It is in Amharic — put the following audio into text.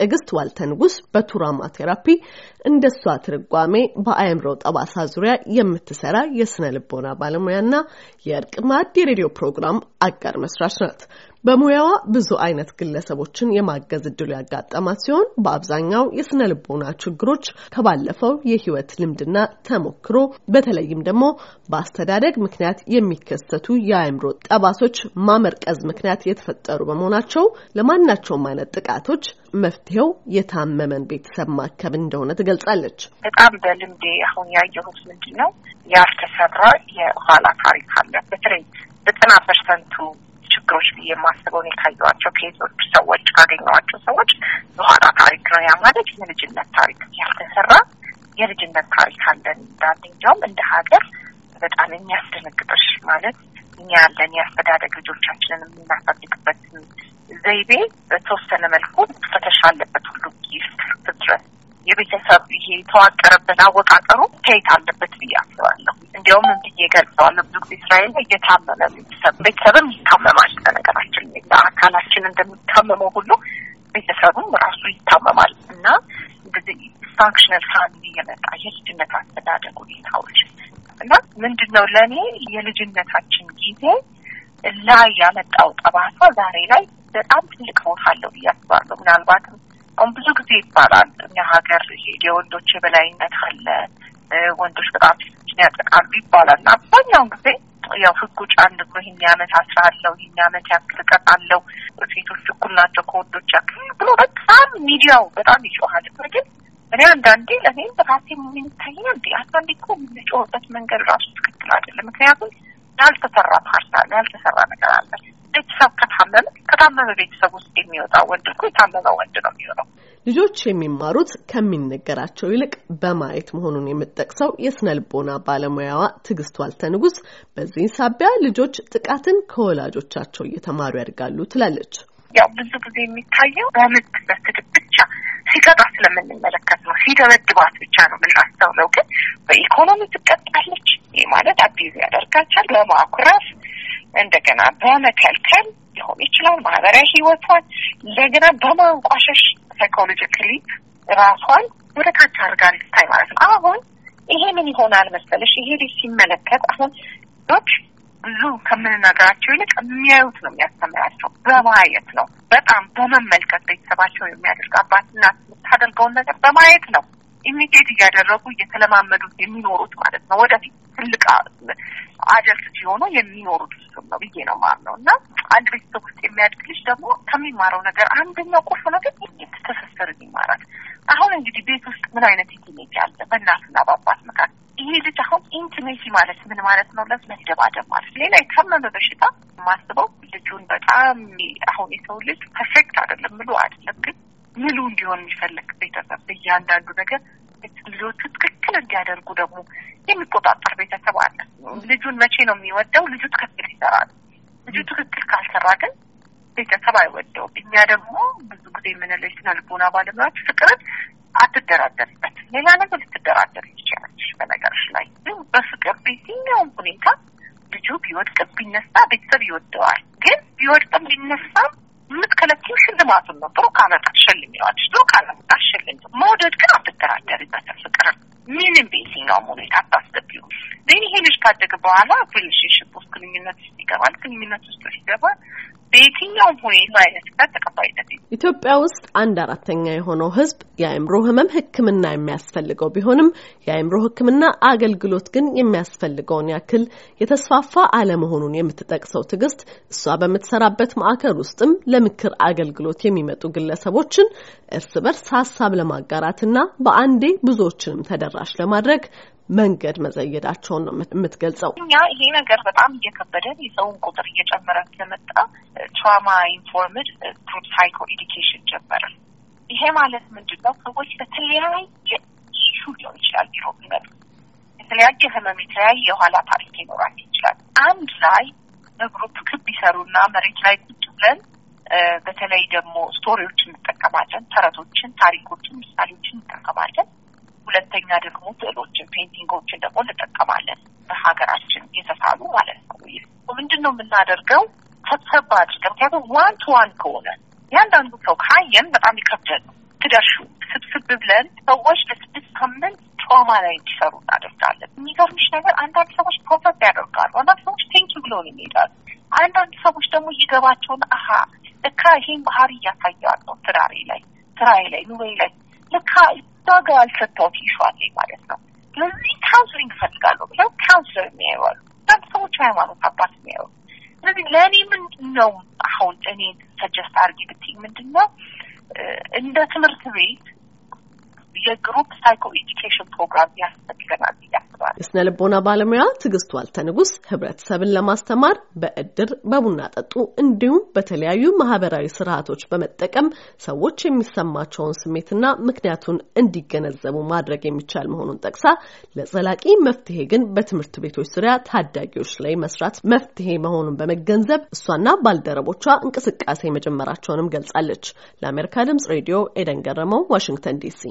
ትዕግስት ዋልተ ንጉስ በቱራማ ቴራፒ እንደሷ ትርጓሜ በአእምሮ ጠባሳ ዙሪያ የምትሰራ የስነ ልቦና ባለሙያና የእርቅ ማዕድ የሬዲዮ ፕሮግራም አጋር መስራች ናት። በሙያዋ ብዙ አይነት ግለሰቦችን የማገዝ እድሉ ያጋጠማት ሲሆን በአብዛኛው የስነ ልቦና ችግሮች ከባለፈው የህይወት ልምድና ተሞክሮ በተለይም ደግሞ በአስተዳደግ ምክንያት የሚከሰቱ የአእምሮ ጠባሶች ማመርቀዝ ምክንያት የተፈጠሩ በመሆናቸው ለማናቸውም አይነት ጥቃቶች መፍትሄው የታመመን ቤተሰብ ማከብ እንደሆነ ትገልጻለች። በጣም በልምዴ አሁን ያየሁት ምንድን ነው ያልተሰራ የኋላ ታሪክ አለ። በተለይ ዘጠና ፐርሰንቱ ችግሮች ብዬ የማስበው እኔ ካየኋቸው ከሄዞች ሰዎች ካገኘዋቸው ሰዎች በኋላ ታሪክ ነው። ያ ማለት የልጅነት ታሪክ ያልተሰራ የልጅነት ታሪክ አለን እንዳለ እንዲያውም እንደ ሀገር በጣም የሚያስደነግጥሽ ማለት እኛ ያለን የአስተዳደግ ልጆቻችንን የምናሳድግበት ዘይቤ በተወሰነ መልኩ ፈተሻ አለበት። ሁሉ ጊዜ ስትረስ የቤተሰብ ይሄ የተዋቀረበት አወቃቀሩ ከየት አለበት ብያ እንዲያውም ብዬ ገልጸዋለሁ። ብዙ ጊዜ እስራኤል እየታመመ ቤተሰብ ቤተሰብም ይታመማል። በነገራችን አካላችን እንደሚታመመው ሁሉ ቤተሰቡም ራሱ ይታመማል እና እንግዲህ ፋንክሽናል ፋሚሊ የመጣ የልጅነት አስተዳደግ ሁኔታዎች እና ምንድን ነው ለእኔ የልጅነታችን ጊዜ ላይ ያመጣው ጠባሳ ዛሬ ላይ በጣም ትልቅ ቦታ አለው ብዬ አስባለሁ። ምናልባትም አሁን ብዙ ጊዜ ይባላል እኛ ሀገር የወንዶች የበላይነት አለ፣ ወንዶች በጣም ያጠቃሉ ይባላል። አብዛኛውን ጊዜ ያው ህጉ ጫን ብሎ ይህን ያመት አስራ አለው ይህን ያመት ያክል ቀን አለው ሴቶች እኩል ናቸው ከወንዶች ያክል ብሎ በጣም ሚዲያው በጣም ይጮሃል። ግን እኔ አንዳንዴ ለእኔም በራሴ የሚታየኝ እንዲ አንዳንዴ እኮ የምንጮህበት መንገድ ራሱ ትክክል አይደለም። ምክንያቱም ያልተሰራ ፓርታ ያልተሰራ ነገር አለ። ቤተሰብ ከታመመ ከታመመ ቤተሰብ ውስጥ የሚወጣ ወንድ እኮ የታመመ ወንድ ነው የሚሆነው ልጆች የሚማሩት ከሚነገራቸው ይልቅ በማየት መሆኑን የምጠቅሰው የስነ ልቦና ባለሙያዋ ትዕግስት ዋልተ ንጉስ በዚህ ሳቢያ ልጆች ጥቃትን ከወላጆቻቸው እየተማሩ ያድጋሉ ትላለች። ያው ብዙ ጊዜ የሚታየው በምት በስድብ ብቻ ሲቀጣ ስለምንመለከት ነው። ሲደበድባት ብቻ ነው የምናስተውለው። ግን በኢኮኖሚ ትቀጣለች። ይህ ማለት አቢዝ ያደርጋቻል። በማኩረፍ እንደገና በመከልከል ሊሆን ይችላል ማህበራዊ ህይወቷን እንደገና በማንቋሸሽ ሳይኮሎጂካሊ ራሷን ወደ ታች አድርጋ እንድታይ ማለት ነው። አሁን ይሄ ምን ይሆናል መሰለሽ? ይሄ ልጅ ሲመለከት አሁን ዶች ብዙ ከምንነግራቸው ይልቅ የሚያዩት ነው የሚያስተምራቸው። በማየት ነው በጣም በመመልከት ቤተሰባቸው የሚያደርግ አባትና የምታደርገውን ነገር በማየት ነው ኢሚቴት እያደረጉ እየተለማመዱት የሚኖሩት ማለት ነው። ወደፊት ትልቅ አደልት ሲሆኑ የሚኖሩት እሱም ነው ብዬ ነው ማለት ነው እና አንድ ቤተሰብ ውስጥ የሚያድግ ልጅ ደግሞ ከሚማረው ነገር አንደኛው ቁልፍ ነገር ትስስርን ይማራል። አሁን እንግዲህ ቤት ውስጥ ምን አይነት ኢንቲሜቲ አለ በእናትና በአባት መካከል? ይሄ ልጅ አሁን ኢንቲሜሲ ማለት ምን ማለት ነው? ለት መደባደብ ማለት ሌላ የታመመ በሽታ የማስበው ልጁን በጣም አሁን የሰው ልጅ ፐርፌክት አይደለም ምሉ አይደለም፣ ግን ምሉ እንዲሆን የሚፈልግ ቤተሰብ እያንዳንዱ ነገር ልጆቹ ትክክል እንዲያደርጉ ደግሞ የሚቆጣጠር ቤተሰብ አለ። ልጁን መቼ ነው የሚወደው? ልጁ ትክክል ይሰራል ልጁ ትክክል ካልሰራ ግን ቤተሰብ አይወደውም። እኛ ደግሞ ብዙ ጊዜ የምንለው የስነ ልቦና ባለሙያዎች ፍቅርን አትደራደርበት፣ ሌላ ነገር ልትደራደር ይችላል። በነገሮች ላይ ግን በፍቅር በየትኛውም ሁኔታ ልጁ ቢወድቅም ቢነሳ ቤተሰብ ይወደዋል። ግን ቢወድቅም ቢነሳ የምትከለኪው ሽልማቱን ነው። ጥሩ ካመጣ ትሸልሚዋለሽ፣ ጥሩ ካላመጣ አትሸልሚ። መውደድ ግን አትደራደርበትም። ፍቅር ምንም በየትኛውም ሁኔታ አታስገቢው። ግን ይሄ ልጅ ካደገ በኋላ ሪሌሽንሽፕ ውስጥ ግንኙነት ይገባል። ግንኙነት ውስጥ ሲገባ በየትኛውም ሁኔታ አይነት ጋር ተቀባይነት ኢትዮጵያ ውስጥ አንድ አራተኛ የሆነው ህዝብ የአእምሮ ህመም ህክምና የሚያስፈልገው ቢሆንም የአእምሮ ህክምና አገልግሎት ግን የሚያስፈልገውን ያክል የተስፋፋ አለመሆኑን የምትጠቅሰው ትዕግስት እሷ በምትሰራበት ማዕከል ውስጥም ለምክር አገልግሎት የሚመጡ ግለሰቦችን እርስ በርስ ሀሳብ ለማጋራትና በአንዴ ብዙዎችንም ተደራሽ ለማድረግ መንገድ መዘየዳቸውን ነው የምትገልጸው። እኛ ይሄ ነገር በጣም እየከበደን የሰውን ቁጥር እየጨመረ ስለመጣ ትራማ ኢንፎርምድ ግሩፕ ሳይኮ ኤዲኬሽን ጀመረ። ይሄ ማለት ምንድን ነው? ሰዎች በተለያየ ሹ ሊሆን ይችላል ቢሮ ቢመጡ የተለያየ ህመም፣ የተለያየ የኋላ ታሪክ ይኖራል ይችላል። አንድ ላይ በግሩፕ ክብ ይሰሩና መሬት ላይ ቁጭ ብለን በተለይ ደግሞ ስቶሪዎችን እንጠቀማለን፣ ተረቶችን፣ ታሪኮችን፣ ምሳሌዎችን እንጠቀማለን። ሁለተኛ ደግሞ ስዕሎችን፣ ፔንቲንጎችን ደግሞ እንጠቀማለን በሀገራችን የተሳሉ ማለት ነው። ምንድን ነው የምናደርገው? ሰብሰብ አድርገ ምክንያቱም ዋን ቱ ዋን ከሆነ እያንዳንዱ ሰው ካየን በጣም ይከብደል ነው ትደርሹ ስብስብ ብለን ሰዎች ለስድስት ሳምንት ጮማ ላይ እንዲሰሩ እናደርጋለን። የሚገርምሽ ነገር አንዳንድ ሰዎች ፕሮሰስ ያደርጋሉ፣ አንዳንድ ሰዎች ቴንኪ ብለውን ይሄዳሉ። አንዳንድ ሰዎች ደግሞ እየገባቸውን አሀ ልካ ይሄን ባህሪ እያሳያለሁ ስራሬ ላይ ስራዬ ላይ ኑሮዬ ላይ ጋር አልፈታሁት ይሸዋለኝ ማለት ነው። ስለዚህ ካውንስሊንግ ይፈልጋሉ ብለው ካውንስለር የሚያዩ አሉ፣ ሰዎች ሃይማኖት አባት የሚያዩ ስለዚህ ለእኔ ምንድን ነው አሁን እኔ ሰጀስት አርጊ ብትይ ምንድን ነው እንደ ትምህርት ቤት የግሩፕ ሳይኮ ኤዱኬሽን ፕሮግራም ያስፈልገናል እያስባል። የስነ ልቦና ባለሙያ ዋልተ ንጉስ ህብረተሰብን ለማስተማር በእድር በቡና ጠጡ እንዲሁም በተለያዩ ማህበራዊ ስርዓቶች በመጠቀም ሰዎች የሚሰማቸውን ስሜትና ምክንያቱን እንዲገነዘቡ ማድረግ የሚቻል መሆኑን ጠቅሳ ለዘላቂ መፍትሄ ግን በትምህርት ቤቶች ዙሪያ ታዳጊዎች ላይ መስራት መፍትሄ መሆኑን በመገንዘብ እሷና ባልደረቦቿ እንቅስቃሴ መጀመራቸውንም ገልጻለች። ለአሜሪካ ድምጽ ሬዲዮ ኤደን ገረመው ዋሽንግተን ዲሲ